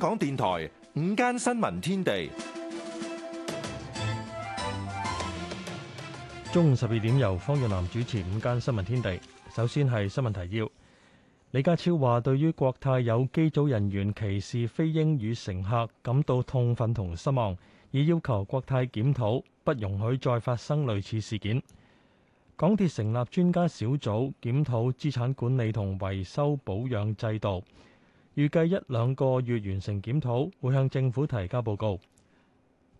港電台午間新聞天地，中午十二點由方若男主持午間新聞天地。首先係新聞提要：李家超話，對於國泰有機組人員歧視非英語乘客感到痛憤同失望，已要求國泰檢討，不容許再發生類似事件。港鐵成立專家小組檢討資產管理同維修保養制度。預計一兩個月完成檢討，會向政府提交報告。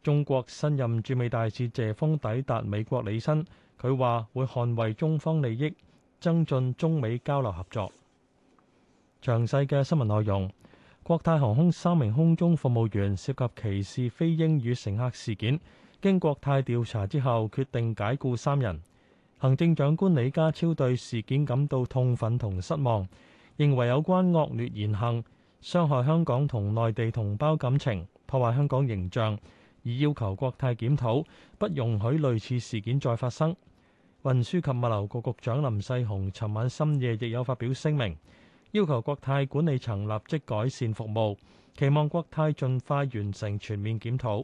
中國新任駐美大使謝峰抵達美國履新，佢話會捍衛中方利益，增進中美交流合作。詳細嘅新聞內容。國泰航空三名空中服務員涉及歧視非英語乘客事件，經國泰調查之後決定解雇三人。行政長官李家超對事件感到痛憤同失望。認為有關惡劣言行傷害香港同內地同胞感情，破壞香港形象，而要求國泰檢討，不容許類似事件再發生。運輸及物流局局長林世雄尋晚深夜亦有發表聲明，要求國泰管理層立即改善服務，期望國泰盡快完成全面檢討。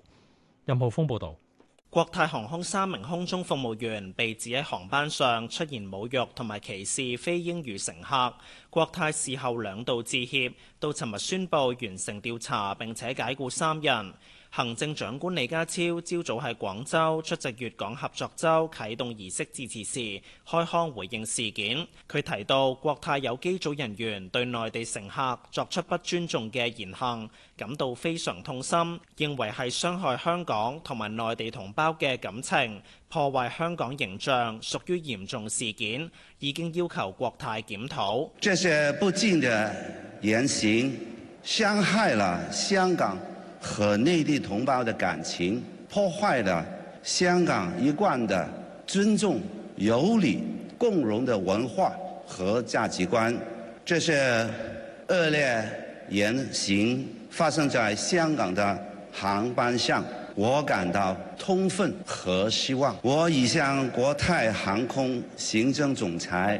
任浩峯報導。國泰航空三名空中服務員被指喺航班上出現侮辱同埋歧視非英語乘客，國泰事後兩度致歉，到尋日宣布完成調查，並且解僱三人。行政長官李家超朝早喺廣州出席粵港合作周啟動儀式致辭時，開腔回應事件。佢提到國泰有機組人員對內地乘客作出不尊重嘅言行，感到非常痛心，認為係傷害香港同埋內地同胞嘅感情，破壞香港形象，屬於嚴重事件，已經要求國泰檢討。這些不敬的言行傷害了香港和內地同胞的感情，破壞了香港一貫的尊重、有禮、共融的文化和價值觀。這些惡劣言行發生在香港的航班上，我感到痛憤和失望。我已向國泰航空行政總裁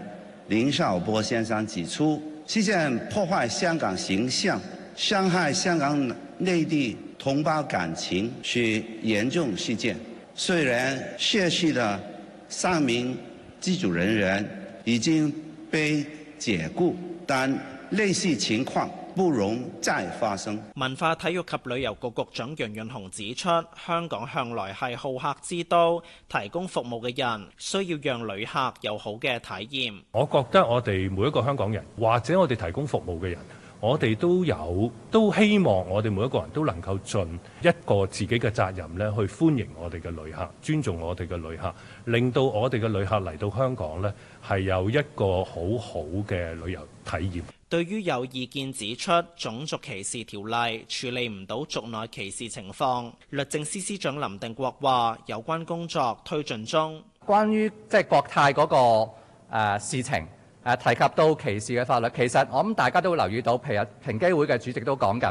林紹波先生指出，事件破壞香港形象、傷害香港。內地同胞感情是嚴重事件，雖然涉事的三名機組人員已經被解雇，但類似情況不容再發生。文化體育及旅遊局局長楊潤雄指出，香港向來係好客之都，提供服務嘅人需要讓旅客有好嘅體驗。我覺得我哋每一個香港人，或者我哋提供服務嘅人。我哋都有，都希望我哋每一個人都能夠盡一個自己嘅責任咧，去歡迎我哋嘅旅客，尊重我哋嘅旅客，令到我哋嘅旅客嚟到香港咧，係有一個好好嘅旅遊體驗。對於有意見指出種族歧視條例處理唔到族內歧視情況，律政司司長林定國話，有關工作推進中。關於即係國泰嗰個，呃，事情。誒提及到歧視嘅法律，其實我諗大家都會留意到，譬如平機會嘅主席都講緊，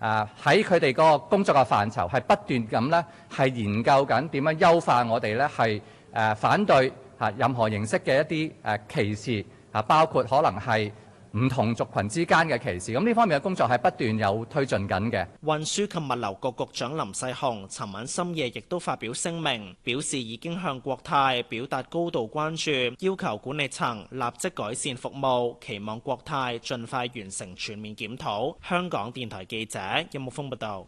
誒喺佢哋個工作嘅範疇係不斷咁咧，係研究緊點樣優化我哋咧係誒反對嚇任何形式嘅一啲誒歧視啊，包括可能係，唔同族群之間嘅歧視，咁呢方面嘅工作係不斷有推進緊嘅。運輸及物流局局長林世雄尋晚深夜亦都發表聲明，表示已經向國泰表達高度關注，要求管理層立即改善服務，期望國泰盡快完成全面檢討。香港電台記者任木峯報道。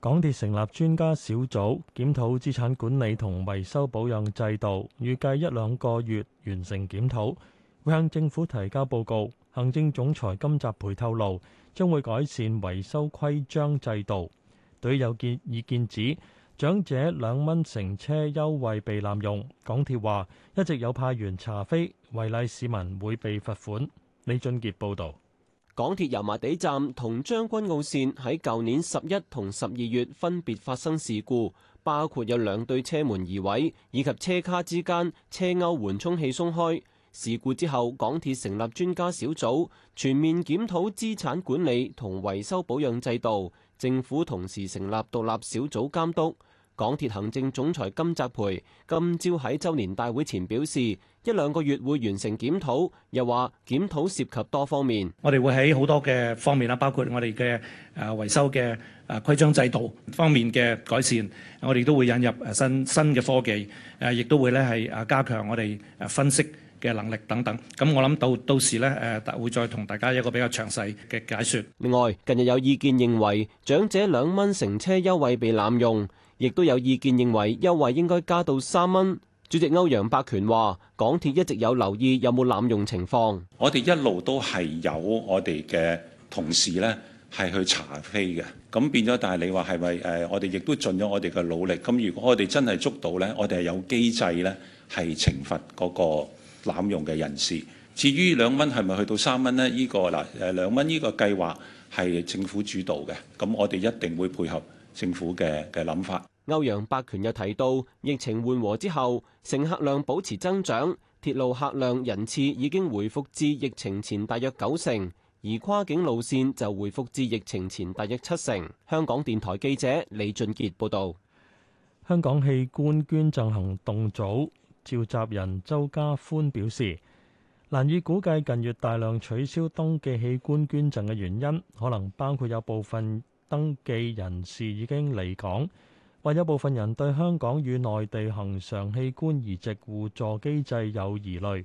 港鐵成立專家小組檢討資產管理同維修保養制度，預計一兩個月完成檢討，會向政府提交報告。行政總裁金澤培透露，將會改善維修規章制度。對有見意見指長者兩蚊乘車優惠被濫用，港鐵話一直有派員查飛，違例市民會被罰款。李俊杰報道，港鐵油麻地站同將軍澳綫喺舊年十一同十二月分別發生事故，包括有兩對車門移位，以及車卡之間車鈎緩衝器鬆開。事故之後，港鐵成立專家小組全面檢討資產管理同維修保養制度。政府同時成立獨立小組監督港鐵。行政總裁金澤培今朝喺周年大會前表示，一兩個月會完成檢討，又話，檢討涉及多方面。我哋會喺好多嘅方面啦，包括我哋嘅維修嘅規章制度方面嘅改善，我哋都會引入新嘅科技，亦都會加強我哋分析嘅能力等等咁，我諗到到時咧誒，會再同大家一個比較詳細嘅解說。另外，近日有意見認為長者兩蚊乘車優惠被濫用，亦都有意見認為優惠應該加到三蚊。主席歐陽伯權話港鐵一直有留意有冇濫用情況，我哋一路都係有我哋嘅同事咧，係去查飛嘅，咁變咗。但係你話，係咪誒，我哋亦都盡咗我哋嘅努力。咁如果我哋真係捉到咧，我哋係有機制咧，係懲罰嗰個。濫用嘅人士。至於兩蚊係咪去到三蚊呢？呢個嗱誒兩蚊呢個計劃係政府主導嘅，咁我哋一定會配合政府嘅嘅諗法。歐陽百權又提到，疫情緩和之後，乘客量保持增長，鐵路客量人次已經回復至疫情前大約九成，而跨境路線就回復至疫情前大約七成。香港電台記者李俊傑報導。香港器官捐贈行動組。召集人周家歡表示，難以估計近月大量取消登記器官捐贈嘅原因，可能包括有部分登記人士已經離港，或有部分人對香港與內地恒常器官移植互助機制有疑慮。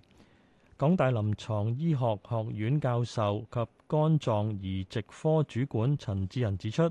港大臨牀醫學，學學院教授及肝臟移植科主管陳志仁指出，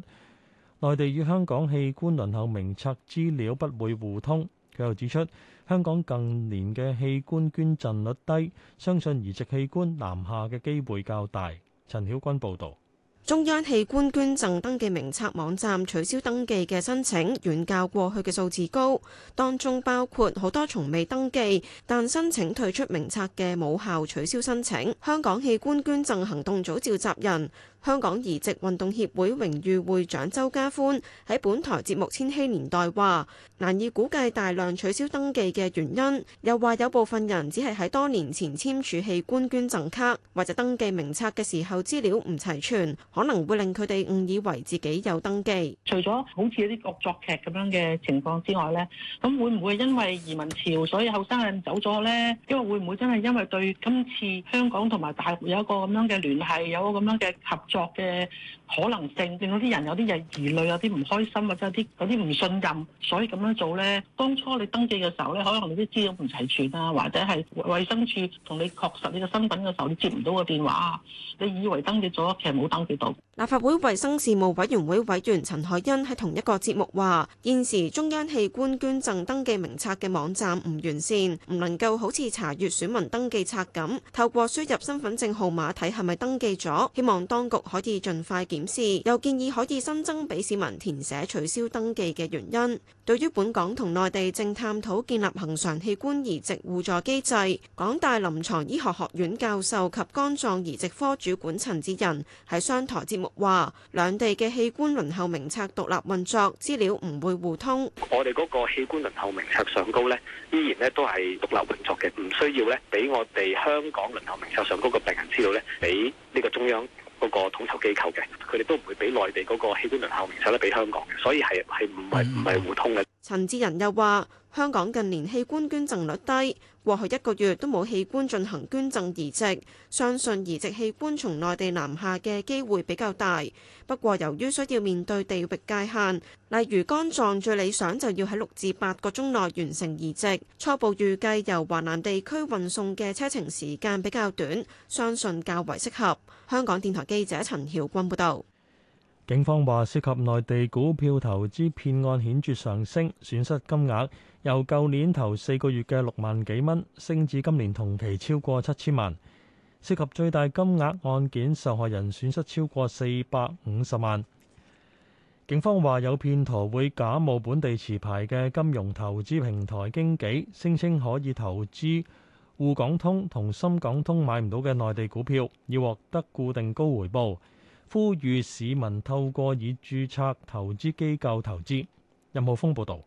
內地與香港器官輪候名冊資，資料不會互通。佢又指出，香港近年嘅器官捐贈率低，相信移植器官南下嘅機會較大。陳曉君報道。中央器官捐贈登記名冊網站取消登記嘅申請遠較過去嘅數字高，當中包括好多從未登記，但申請退出名冊嘅無效取消申請。香港器官捐贈行動組召集人。香港移植運動協會榮譽會長周家歡喺本台節目《千禧年代》話難以估計大量取消登記嘅原因，又話有部分人只係喺多年前簽署器官捐贈卡或者登記名冊嘅時候資料唔齊全，可能會令佢哋誤以為自己有登記，除咗好似啲惡作劇咁樣嘅情況之外咧，咁會唔會因為移民潮所以後生人走咗咧？因為會唔會真係因為對今次香港同埋大陸有一個咁樣嘅聯繫，有個咁樣嘅合作嘅。可能性令到啲人有啲嘢，疑慮，有啲唔開心啊，即係啲有啲唔信任，所以咁樣做咧。當初你登記嘅時候咧，可能你啲資料唔齊全啊，或者係衛生署同你確實呢個身份嘅時候，你接唔到個電話啊，你以為登記咗，其實冇登記到。立法會衛生事務委員會委員陳海欣喺同一個節目話，現時中央器官捐贈登記名冊嘅網站唔完善，唔能夠好似查閱選民登記冊咁，透過輸入身份證號碼睇，係咪登記咗。希望當局可以盡快檢視又建議可以新增俾市民填寫取消登記嘅原因。對於本港同內地正探討建立恆常器官移植互助機制，港大臨牀醫學學院教授及肝臟移植科主管陳志仁喺商台節目話：兩地嘅器官輪候名冊獨立運作，資料唔會互通。我哋嗰個器官輪候名冊上高呢，依然呢都係獨立運作嘅，唔需要呢俾我哋香港輪候名冊上高嘅病人資料呢俾呢個中央。統籌機構嘅，佢哋都唔會比內地嗰個器官輪候名冊咧比香港，所以係係唔係唔係互通嘅。嗯陳志仁又話：香港近年器官捐贈率低，過去一個月都冇器官進行捐贈移植，相信移植器官從內地南下嘅機會比較大。不過由於需要面對地域界限，例如肝臟最理想就要喺六至八個鐘內完成移植，初步預計由華南地區運送嘅車程時間比較短，相信較為適合。香港電台記者陳曉君報導。警方話，涉及內地股票投資騙案顯著上升，損失金額由舊年頭四個月嘅六萬幾蚊，升至今年同期超過七千萬。涉及最大金額案件，受害人損失超過四百五十萬。警方話，有騙徒會假冒本地持牌嘅金融投資平台經紀，聲稱可以投資滬港通同深港通買唔到嘅內地股票，以獲得固定高回報。呼籲市民透過已註冊投資機構投資。任浩峯報導。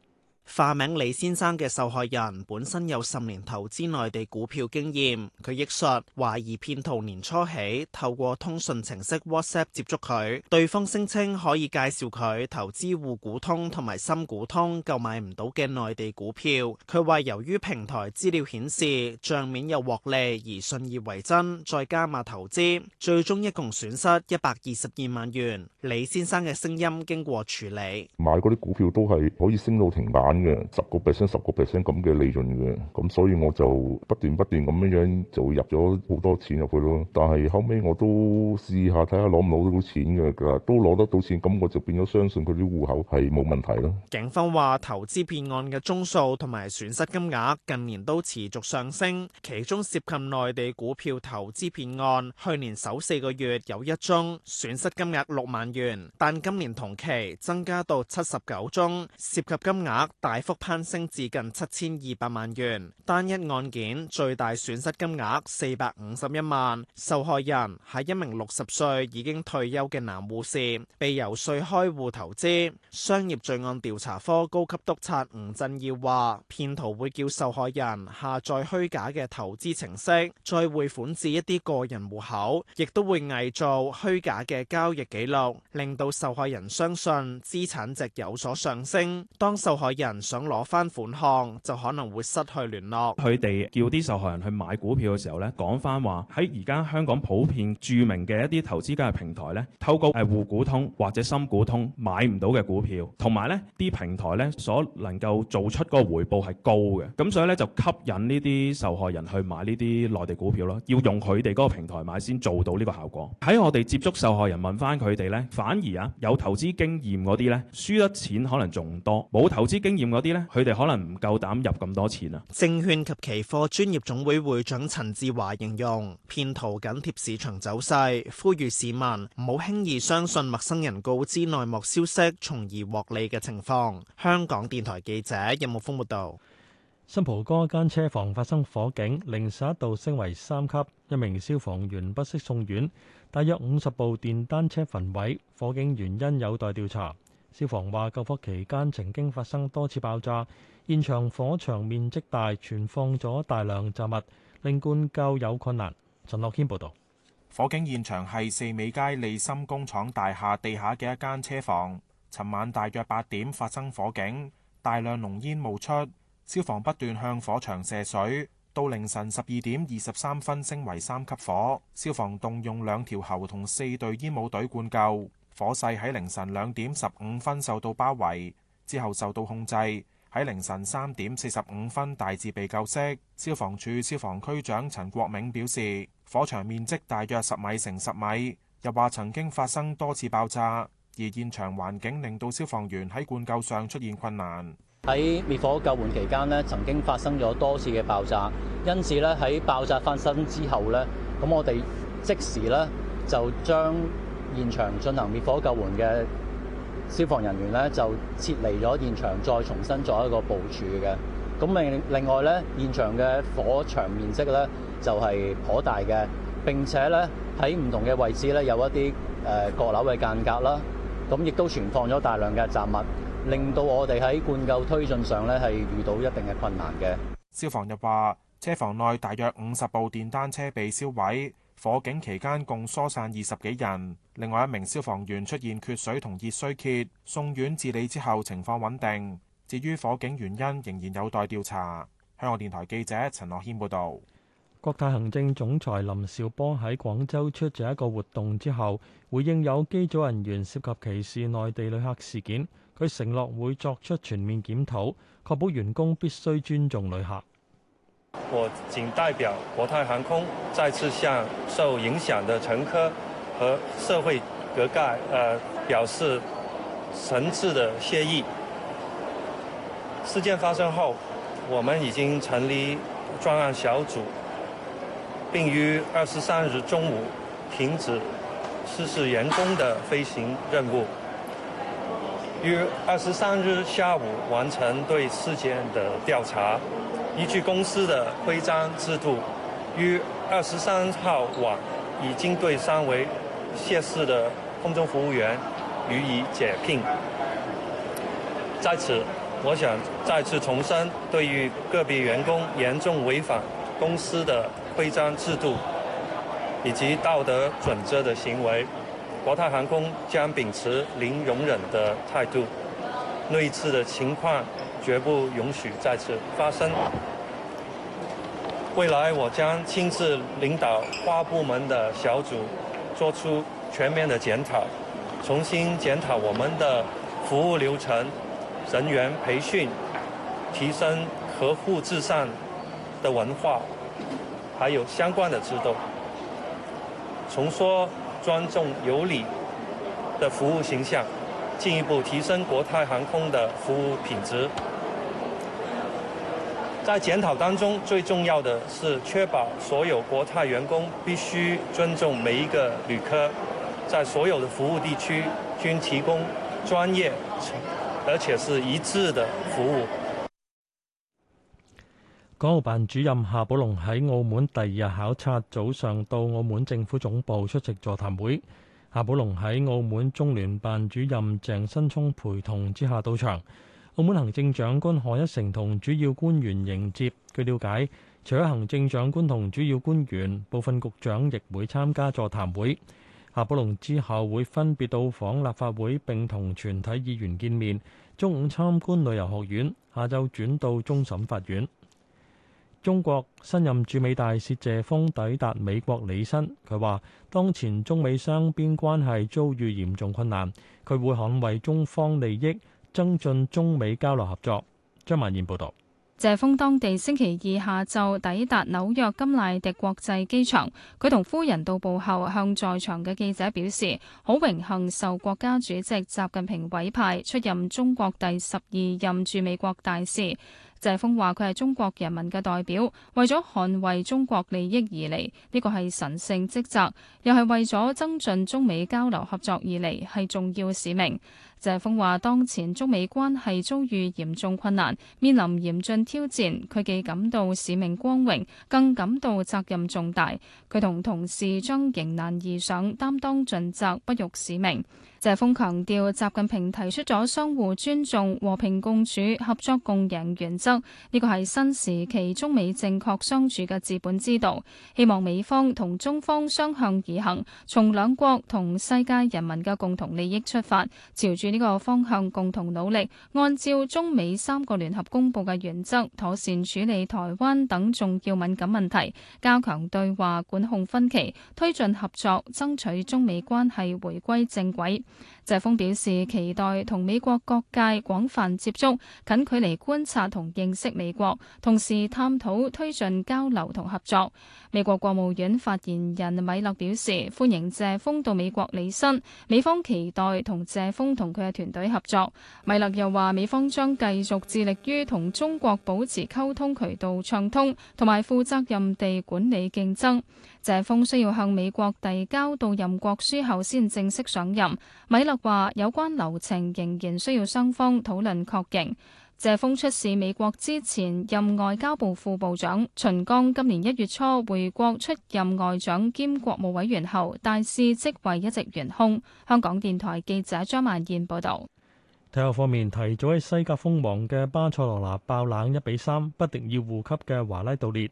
化名李先生嘅受害人本身有十年投資內地股票經驗，佢憶述懷疑騙徒年初起透過通訊程式 WhatsApp 接觸佢，對方聲稱可以介紹佢投資滬股通同埋深股通購買唔到嘅內地股票。佢話由於平台資料顯示賬面有獲利，而信以為真，再加碼投資，最終一共損失一百二十二萬元。李先生嘅聲音經過處理，買嗰啲股票都係可以升到停板。嘅十個 percent、十個 percent 咁嘅利潤嘅，咁所以我就不斷不斷咁樣樣就入咗好多錢入去咯。但係後尾我都試下睇下攞唔攞到錢㗎，都攞得到錢，咁我就變咗相信佢啲戶口係冇問題咯。警方話，投資騙案嘅宗數同埋損失金額近年都持續上升，其中涉及內地股票投資騙案，去年首四個月有一宗，損失金額六萬元，但今年同期增加到七十九宗，涉及金額，大幅攀升至近七千二百萬元，單一案件最大損失金額四百五十一萬。受害人係一名六十歲已經退休嘅男護士，被游說開戶投資。商業罪案調查科高級督察吳振耀話：騙徒會叫受害人下載虛假嘅投資程式，再匯款至一啲個人戶口，亦都會偽造虛假嘅交易記錄，令到受害人相信資產值有所上升。當受害人人想攞翻款項，就可能會失去聯絡。佢哋叫啲受害人去買股票嘅時候咧，講翻話喺而家香港普遍著名嘅一啲投資家嘅平台咧，透過誒、呃、滬股通或者深股通買唔到嘅股票，同埋咧啲平台咧所能夠做出個回報係高嘅，咁所以咧就吸引呢啲受害人去買呢啲內地股票咯，要用佢哋嗰個平台買先做到呢個效果。喺我哋接觸受害人問翻佢哋咧，反而啊有投資經驗嗰啲咧，輸得錢可能仲多，冇投資經驗啲咧，佢哋可能唔夠膽入咁多錢啊！證券及期貨專業總會會長陳志華形容，騙徒緊貼市場走勢，呼籲市民唔好輕易相信陌生人告知內幕消息，從而獲利嘅情況。香港電台記者任木峰報道，新蒲崗間車房發生火警，零時一度升為三級，一名消防員不適送院，大約五十部電單車焚毀，火警原因有待調查。消防話救火期間曾經發生多次爆炸，現場火場面積大，存放咗大量雜物，令灌救有困難。陳樂軒報導。火警現場係四美街利森工廠大廈地下嘅一間車房。尋晚大約八點發生火警，大量濃煙冒出，消防不斷向火場射水。到凌晨十二點二十三分升為三級火，消防動用兩條喉同四隊煙霧隊灌救。火勢喺凌晨兩點十五分受到包圍，之後受到控制。喺凌晨三點四十五分大致被救熄。消防處消防區長陳國銘表示，火場面積大約十米乘十米，又話曾經發生多次爆炸，而現場環境令到消防員喺灌救上出現困難。喺滅火救援期間咧，曾經發生咗多次嘅爆炸，因此咧喺爆炸發生之後咧，咁我哋即時咧就將現場進行滅火救援嘅消防人員呢，就撤離咗現場，再重新作一個部署嘅。咁另另外呢，現場嘅火場面積呢，就係頗大嘅，並且呢，喺唔同嘅位置呢，有一啲誒閣樓嘅間隔啦。咁亦都存放咗大量嘅雜物，令到我哋喺灌救推進上呢，係遇到一定嘅困難嘅。消防又話，車房內大約五十部電單車被燒毀，火警期間共疏散二十幾人。另外一名消防員出現缺水同熱衰竭，送院治理之後情況穩定。至於火警原因，仍然有待調查。香港電台記者陳樂謙報道。國泰行政總裁林紹波喺廣州出席一個活動之後，回應有機組人員涉及歧視內地旅客事件，佢承諾會作出全面檢討，確保員工必須尊重旅客。我謹代表國泰航空，再次向受影響嘅乘客。和社會各界呃、表示誠摯的謝意。事件發生後，我們已經成立專案小組，並於二十三日中午停止實施員工的飛行任務。於二十三日下午完成對事件的調查。依據公司的規章制度，於二十三號晚已經對三位。涉事的空中服務員予以解聘。在此，我想再次重申，對於個別員工嚴重違反公司的規章制度以及道德準則的行為，國泰航空將秉持零容忍的態度，類似的情況絕不允許再次發生。未來，我將親自領導跨部門的小組。做出全面的檢討，重新檢討我們的服務流程、人員培訓、提升客戶至上的文化，還有相關的制度，重塑尊重有禮的服務形象，進一步提升國泰航空的服務品質。在檢討當中，最重要的是確保所有國泰員工必須尊重每一個旅客，在所有的服務地區均提供專業而且是一致的服務。港澳辦主任夏寶龍喺澳門第二日考察早上到澳門政府總部出席座談會，夏寶龍喺澳門中聯辦主任鄭新聰陪同之下到場。澳門行政長官賀一誠同主要官員迎接。據了解，除咗行政長官同主要官員，部分局長亦會參加座談會。夏寶龍之後會分別到訪立法會，並同全體議員見面。中午參觀旅遊學院，下晝轉到終審法院。中國新任駐美大使謝鋒抵達美國履新，佢話：當前中美雙邊關係遭遇嚴重困難，佢會捍衛中方利益。增進中美交流合作。張曼燕報道：「謝鋒當地星期二下晝抵達紐約甘迺迪國際機場，佢同夫人到步後，向在場嘅記者表示：好榮幸受國家主席習近平委派，出任中國第十二任駐美國大使。謝鋒話，佢係中國人民嘅代表，為咗捍衛中國利益而嚟，呢個係神聖職責，又係為咗增進中美交流合作而嚟，係重要使命。謝鋒話，當前中美關係遭遇嚴重困難，面臨嚴峻挑戰，佢既感到使命光榮，更感到責任重大。佢同同事將迎難而上，擔當盡責，不辱使命。謝峰強調，習近平提出咗相互尊重、和平共處、合作共贏原則，呢個係新時期中美正確相處嘅治本之道。希望美方同中方雙向而行，從兩國同世界人民嘅共同利益出發，朝住呢個方向共同努力，按照中美三個聯合公佈嘅原則，妥善處理台灣等重要敏感問題，加強對話，管控分歧，推進合作，爭取中美關係回歸正軌。謝鋒表示，期待同美國各界廣泛接觸，近距離觀察同認識美國，同時探討推進交流同合作。美國國務院發言人米勒表示歡迎謝鋒到美國履新，美方期待同謝鋒同佢嘅團隊合作。米勒又話，美方將繼續致力於同中國保持溝通渠道暢通，同埋負責任地管理競爭。謝鋒需要向美國遞交到任國書後，先正式上任。米勒話：有關流程仍然需要雙方討論確認。謝鋒出使美國之前，任外交部副部長秦剛今年一月初回國出任外長兼國務委員後，大使職位一直懸空。香港電台記者張萬燕報道。體育方面，提早喺西甲封王嘅巴塞羅那爆冷一比三不敵要護級嘅華拉度列。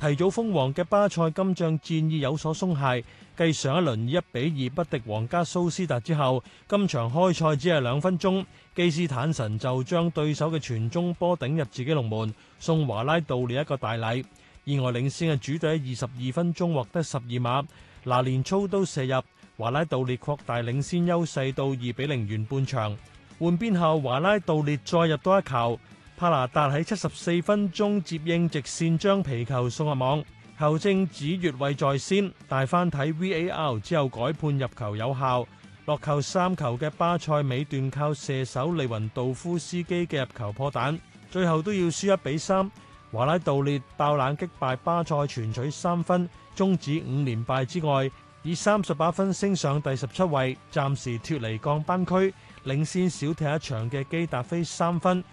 提早封王嘅巴塞今仗戰意有所鬆懈。繼上一輪一比二不敵皇家蘇斯達之後，今場開賽只係兩分鐘，基斯坦神就將對手嘅傳中波頂入自己龍門，送華拉道列一個大禮。意外領先嘅主隊二十二分鐘獲得，十二碼，嗱連操刀射入，華拉道列擴大領先優勢到二比零完半場。換邊後，華拉道列再入多一球。帕拿達喺七十四分鐘接應直線，將皮球送入網。球證指越位在先，大翻睇 V.A.R. 之後改判入球有效。落球三球嘅巴塞尾段靠射手利雲道夫斯基嘅入球破蛋，最後都要輸一比三。華拉道列爆冷擊敗巴塞，全取三分，終止五連敗之外，以三十八分升上第十七位，暫時脫離降班區，領先少踢一場嘅基達菲三分。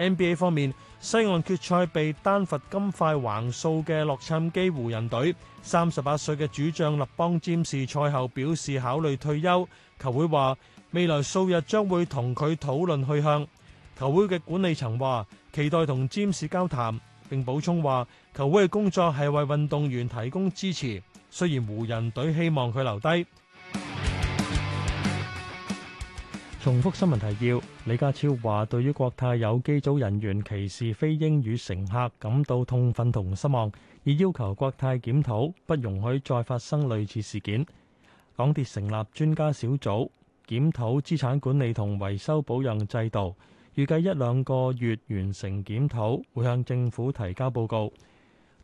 NBA 方面，西岸決賽被丹佛金塊橫掃嘅洛杉磯湖人隊，三十八歲嘅主將勒邦詹士賽後表示考慮退休，球會話未來數日將會同佢討論去向。球會嘅管理層話期待同詹士交談，並補充話球會嘅工作係為運動員提供支持，雖然湖人隊希望佢留低。重複新聞提要：李家超話，對於國泰有機組人員歧視非英語乘客感到痛憤同失望，而要求國泰檢討，不容許再發生類似事件。港鐵成立專家小組檢討資產管理同維修保養制度，預計一兩個月完成檢討，會向政府提交報告。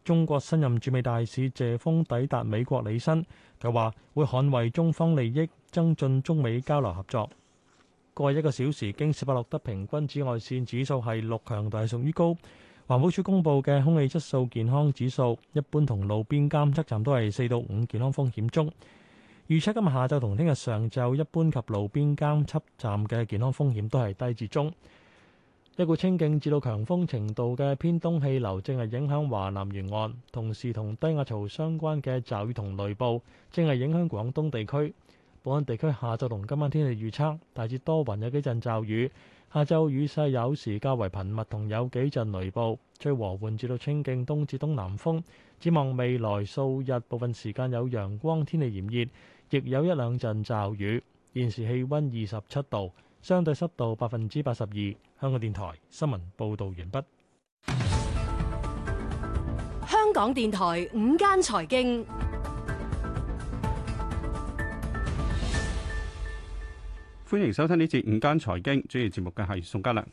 中國新任駐美大使謝鋒抵達美國履新，佢話會捍衛中方利益，增進中美交流合作。過一個小時，經十八點六度，平均紫外線指數係六，強度屬於高。環保署公布嘅空氣質素健康指數，一般同路邊監測站都係四到五，健康風險中。預測今日下晝同聽日上晝，一般及路邊監測站嘅健康風險都係低至中。一股清勁至到強風程度嘅偏東氣流正係影響華南沿岸，同時同低壓槽相關嘅驟雨同雷暴正係影響廣東地區。本港地區下晝同今晚天氣預測大致多雲，有幾陣驟雨。下晝雨勢有時較為頻密，同有幾陣雷暴。吹和緩至到清勁東至東南風。展望未來數日，部分時間有陽光，天氣炎熱，亦有一兩陣驟雨。現時氣溫二十七度，相對濕度百分之八十二。香港電台新聞報道完畢。香港電台午間財經。歡迎收聽呢節午間財經，主持節目嘅係宋嘉良。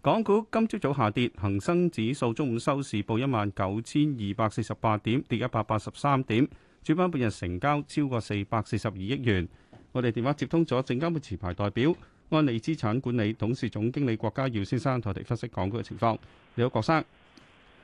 港股今朝早下跌，恒生指數中午收市報一萬九千二百四十八點，跌一百八十三點。主板半日成交超過四百四十二億元。我哋電話接通咗證監會持牌代表安利資產管理董事總經理郭家耀先生，同我哋分析港股嘅情況。你好，郭生。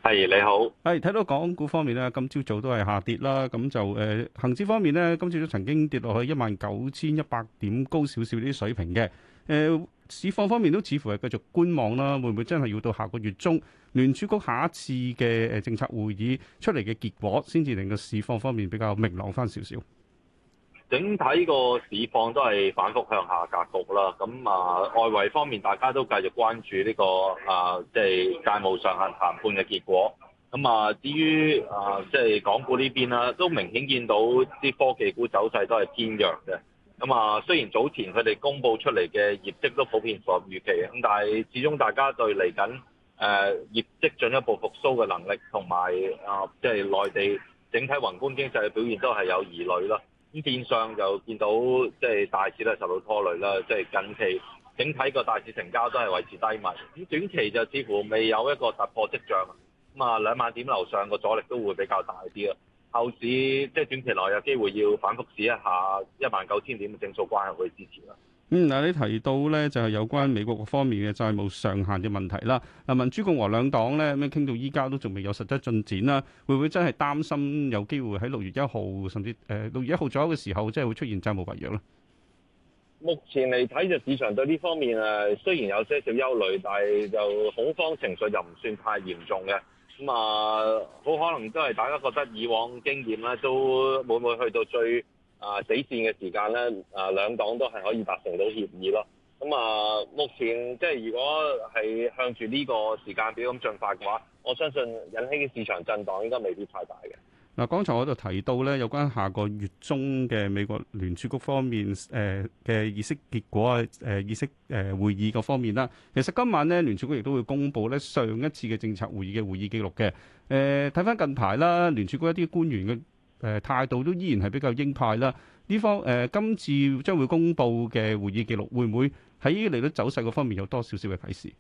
係你好，係睇到港股方面呢，今朝早都係下跌啦。咁就誒，恒、呃、指方面呢，今朝早曾經跌落去一萬九千一百點高少少啲水平嘅。誒、呃，市況方面都似乎係繼續觀望啦，會唔會真係要到下個月中聯儲局下一次嘅誒、呃、政策會議出嚟嘅結果，先至令個市況方面比較明朗翻少少？整體個市況都係反覆向下格局啦。咁啊，外圍方面，大家都繼續關注呢個啊，即係債務上限談判嘅結果。咁啊，至於啊，即係港股呢邊啦，都明顯見到啲科技股走勢都係偏弱嘅。咁啊，雖然早前佢哋公布出嚟嘅業績都普遍符合預期，咁但係始終大家對嚟緊誒業績進一步復甦嘅能力，同埋啊，即係內地整體宏觀經濟嘅表現都係有疑慮啦。咁變相就見到即係、就是、大市咧受到拖累啦，即、就、係、是、近期整體個大市成交都係維持低迷。咁短期就似乎未有一個突破跡象，咁啊，兩萬點樓上個阻力都會比較大啲咯。後市即係、就是、短期內有機會要反覆試一下一萬九千點嘅整數關口去支持啦。嗯，嗱，你提到咧就係、是、有關美國各方面嘅債務上限嘅問題啦。嗱，民主共和兩黨咧咁樣傾到依家都仲未有實質進展啦，會唔會真係擔心有機會喺六月一號甚至誒六、呃、月一號左右嘅時候，即係會出現債務違約咧？目前嚟睇，就市場對呢方面誒，雖然有些少憂慮，但係就恐慌情緒又唔算太嚴重嘅。咁啊，好可能都係大家覺得以往經驗咧，都會唔會去到最啊！死線嘅時間咧，啊兩黨都係可以達成到協議咯。咁啊，目前即係如果係向住呢個時間表咁進發嘅話，我相信引起嘅市場震盪應該未必太大嘅。嗱、啊，剛才我就提到咧，有關下個月中嘅美國聯儲局方面誒嘅、呃、議息結果啊、誒、呃、議息誒、呃、會議個方面啦。其實今晚呢，聯儲局亦都會公布咧上一次嘅政策會議嘅會議記錄嘅。誒、呃，睇翻近排啦，聯儲局一啲官員嘅。誒態度都依然係比較鷹派啦，呢方誒、呃、今次將會公布嘅會議記錄，會唔會喺利率走勢個方面有多少少嘅提示？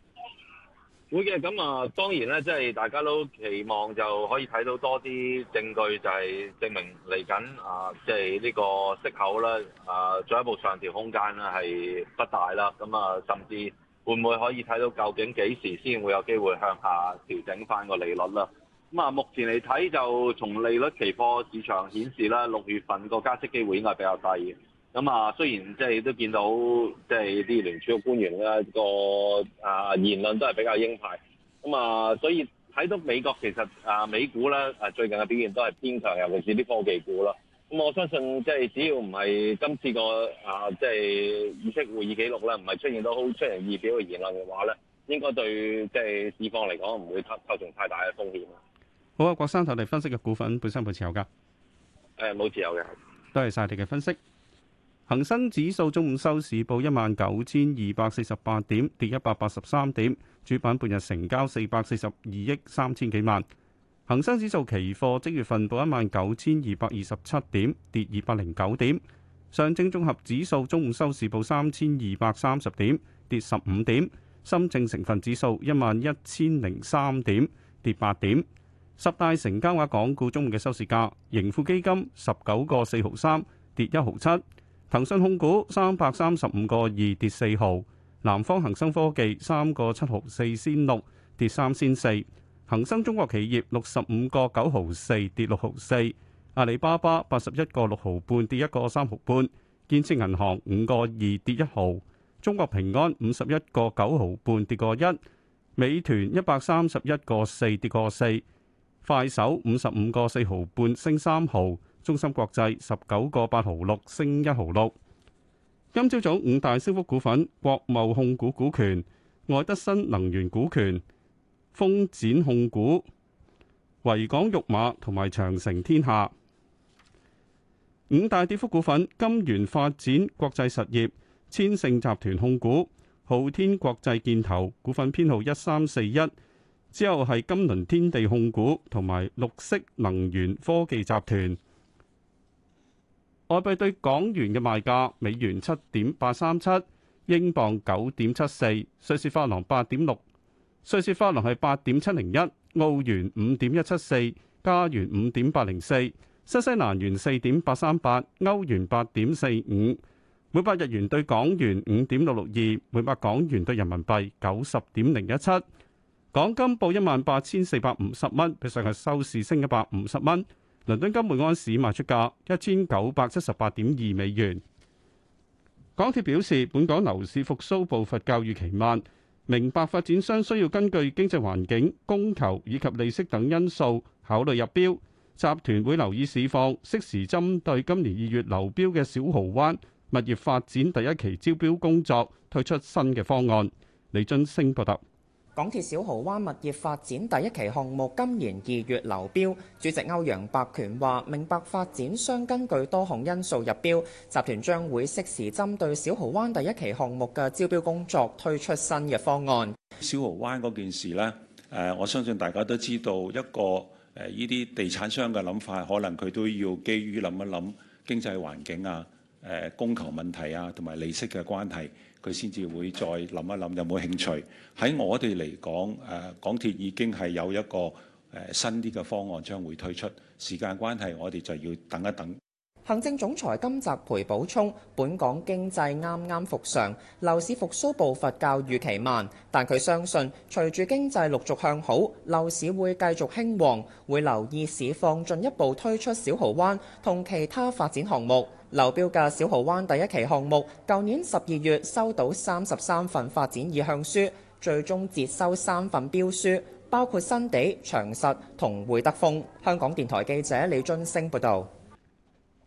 會嘅，咁啊當然咧，即係大家都期望就可以睇到多啲證據，就係證明嚟緊啊，即係呢個息口啦，啊，進一步上調空間啦，係不大啦。咁啊，甚至會唔會可以睇到究竟幾時先會有機會向下調整翻個利率啦？咁啊，目前嚟睇就從利率期貨市場顯示啦，六月份個加息機會應該係比較低嘅。咁啊，雖然即係都見到即係啲聯儲嘅官員啦個啊言論都係比較鷹派。咁啊，所以睇到美國其實啊美股咧啊最近嘅表現都係偏強，尤其是啲科技股啦。咁我相信即係、就是、只要唔係今次個啊即係議息會議記錄咧，唔係出現到好出人意表嘅言論嘅話咧，應該對即係、就是、市況嚟講唔會構構成太大嘅風險。.好啊，郭生，頭地分析嘅股份本身保持有噶？誒，冇持有嘅，多謝晒你嘅分析。恒生指數中午收市報一萬九千二百四十八點，跌一百八十三點。主板半日成交四百四十二億三千幾萬。恒生指數期貨即月份報一萬九千二百二十七點，跌二百零九點。上證綜合指數中午收市報三千二百三十點，跌十五點。深證成分指數一萬一千零三點，跌八點。十大成交額港股中午嘅收市價，盈富基金十九個四毫三，跌一毫七；騰訊控股三百三十五個二，跌四毫；南方恒生科技三個七毫四先六，跌三先四；恒生中國企業六十五個九毫四，跌六毫四；阿里巴巴八十一個六毫半，跌一個三毫半；建設銀行五個二，跌一毫；中國平安五十一個九毫半，跌個一；美團一百三十一個四，跌個四。快手，五十五個四毫半，升三毫，中芯國際十九個八毫六升一毫六。今朝早五大升幅股份：國貿控股股權、外德新能源股權、豐展控股、維港玉馬同埋長城天下。五大跌幅股份：金元發展、國際實業、千盛集團控股、浩天國際建投。股份編號一三四一，之後係金輪天地控股同埋綠色能源科技集團。外幣對港元嘅賣價：美元七點八三七，英鎊九點七四，瑞士法郎八點六，瑞士法郎係八點七零一，澳元五點一七四，加元五點八零四，新西蘭元四點八三八，歐元八點四五。每百日元對港元五點六六二，每百港元對人民幣九十點零一七。港金報一萬八千四百五十蚊，比上日收市升一百五十蚊。倫敦金每安士賣出價一千九百七十八點二美元。港鐵表示，本港樓市復甦步伐較預期慢，明白發展商需要根據經濟環境、供求以及利息等因素考慮入標。集團會留意市況，適時針對今年二月流標嘅小蠔灣物業發展第一期招標工作推出新嘅方案。李津升報道。港鐵小豪灣物業發展第一期項目今年二月流標，主席歐陽伯權話：明白發展商根據多項因素入標，集團將會適時針對小豪灣第一期項目嘅招標工作推出新嘅方案。小豪灣嗰件事呢，誒，我相信大家都知道一個誒，呢啲地產商嘅諗法，可能佢都要基於諗一諗經濟環境啊。誒、呃、供求問題啊，同埋利息嘅關係，佢先至會再諗一諗有冇興趣。喺我哋嚟講，誒、呃、港鐵已經係有一個誒、呃、新啲嘅方案將會推出。時間關係，我哋就要等一等。行政總裁金澤培補充，本港經濟啱啱復常，樓市復甦步伐較預期慢，但佢相信隨住經濟陸續向好，樓市會繼續興旺。會留意市況，進一步推出小蠔灣同其他發展項目。流標嘅小蠔灣第一期項目，舊年十二月收到三十三份發展意向書，最終接收三份標書，包括新地、長實同會德豐。香港電台記者李津星報導。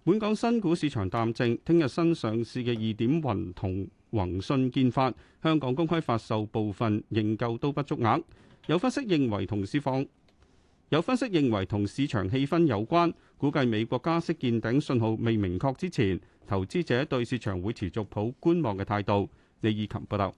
本港新股市場淡靜，聽日新上市嘅易點雲同宏信建發香港公開發售部分認購都不足額，有分析認為同市況。有分析認為，同市場氣氛有關，估計美國加息見頂信號未明確之前，投資者對市場會持續抱觀望嘅態度。李以琴報道，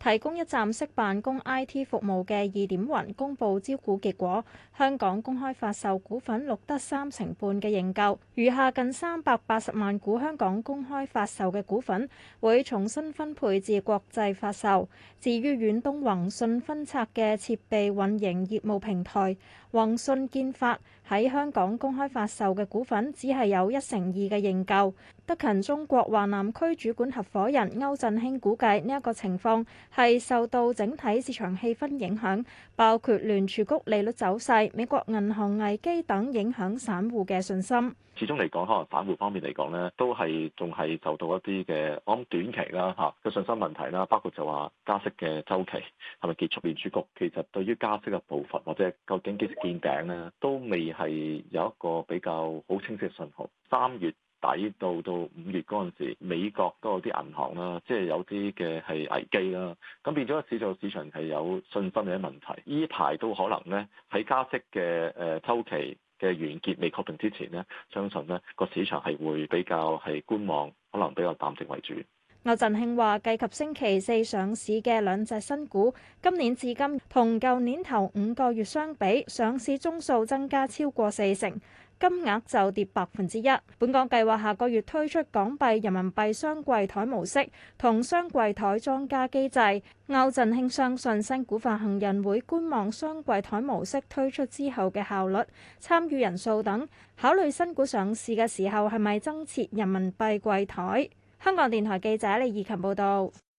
提供一站式辦公 IT 服務嘅二點雲公佈招股結果，香港公開發售股份錄得三成半嘅認購，餘下近三百八十萬股香港公開發售嘅股份會重新分配至國際發售。至於遠東宏信分拆嘅設備運營業務平台。宏信建發喺香港公開發售嘅股份只係有一成二嘅認購，德勤中國華南區主管合夥人歐振興估計呢一個情況，係受到整體市場氣氛影響，包括聯儲局利率走勢，美國銀行危機等影響散戶嘅信心。始終嚟講，可能散戶方面嚟講咧，都係仲係受到一啲嘅，我諗短期啦嚇嘅信心問題啦，包括就話加息嘅周期係咪結束？聯儲局其實對於加息嘅部分，或者究竟幾時見頂咧，都未係有一個比較好清晰嘅信號。三月底到到五月嗰陣時，美國都有啲銀行啦，即係有啲嘅係危機啦，咁變咗市場市場係有信心嘅問題。呢排都可能咧喺加息嘅誒週期。嘅完結未確定之前呢，相信呢個市場係會比較係觀望，可能比較淡靜為主。劉振慶話，計及星期四上市嘅兩隻新股，今年至今同舊年頭五個月相比，上市宗數增加超過四成。金額就跌百分之一。本港計劃下個月推出港幣、人民幣雙櫃台模式同雙櫃台莊家機制。歐振興相信新股發行人會觀望雙櫃台模式推出之後嘅效率、參與人數等，考慮新股上市嘅時候係咪增設人民幣櫃台。香港電台記者李義勤報道。